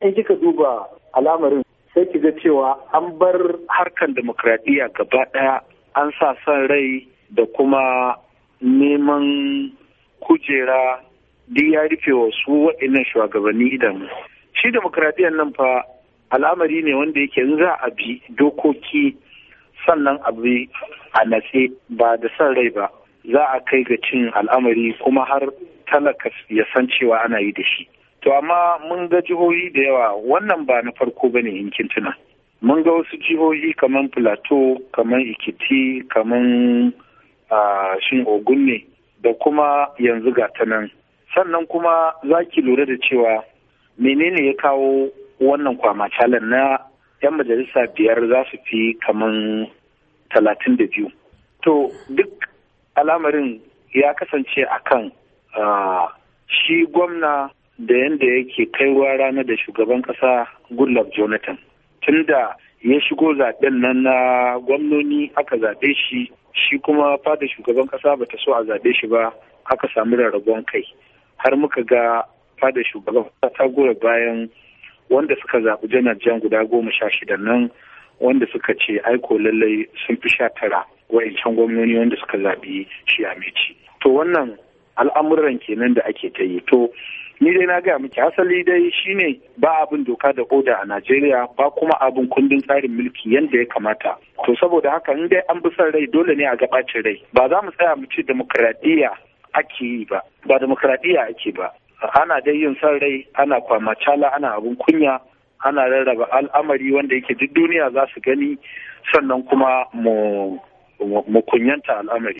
in kika duba al'amarin sai ki ga cewa an bar harkar demokradiyya gaba ɗaya an sa son rai da kuma neman kujera duk ya rufe wa su waɗannan shugabanni idan shi demokradiyyar nan fa al'amari ne wanda yake in za a bi dokoki sannan a bi a natse ba da son rai ba za a kai ga cin al'amari kuma har talaka ya san cewa ana yi da shi to amma mun ga jihohi da yawa wannan ba na farko ba ne in kintuna mun ga wasu jihohi kamar plateau kamar ikiti kamar shin ogun ne da kuma yanzu ta nan sannan kuma za ki lura da cewa menene ya kawo wannan kwama kwamacalan na 'yan majalisa biyar za su fi kamar talatin da biyu to duk alamarin ya kasance akan shi gwamna da yadda yake kaiwa ranar da shugaban ƙasa goodluck jonathan tun da ya shigo zaɓen nan na gwamnoni aka zaɓe shi shi kuma fada shugaban ƙasa bata so a zaɓe shi ba aka samu rarrabon kai har muka ga fada shugaban kasa ta goya bayan wanda suka zaɓi janar jan guda goma sha shida nan wanda suka ce aiko lallai sun fi sha tara wa'incan gwamnoni wanda suka zaɓi shi a to wannan al'amuran kenan da ake ta yi to ni dai na gaya miki asali dai shine ba abin doka da oda a Najeriya ba kuma abin kundin tsarin mulki yadda ya kamata to saboda haka in dai an bi son rai dole ne a gabacin rai ba za mu tsaya mu ci demokradiyya ake yi ba ba demokradiyya ake ba ana dai yin son rai ana kwamacala ana abin kunya ana rarraba al'amari wanda yake duk duniya za su gani sannan kuma mu kunyanta al'amari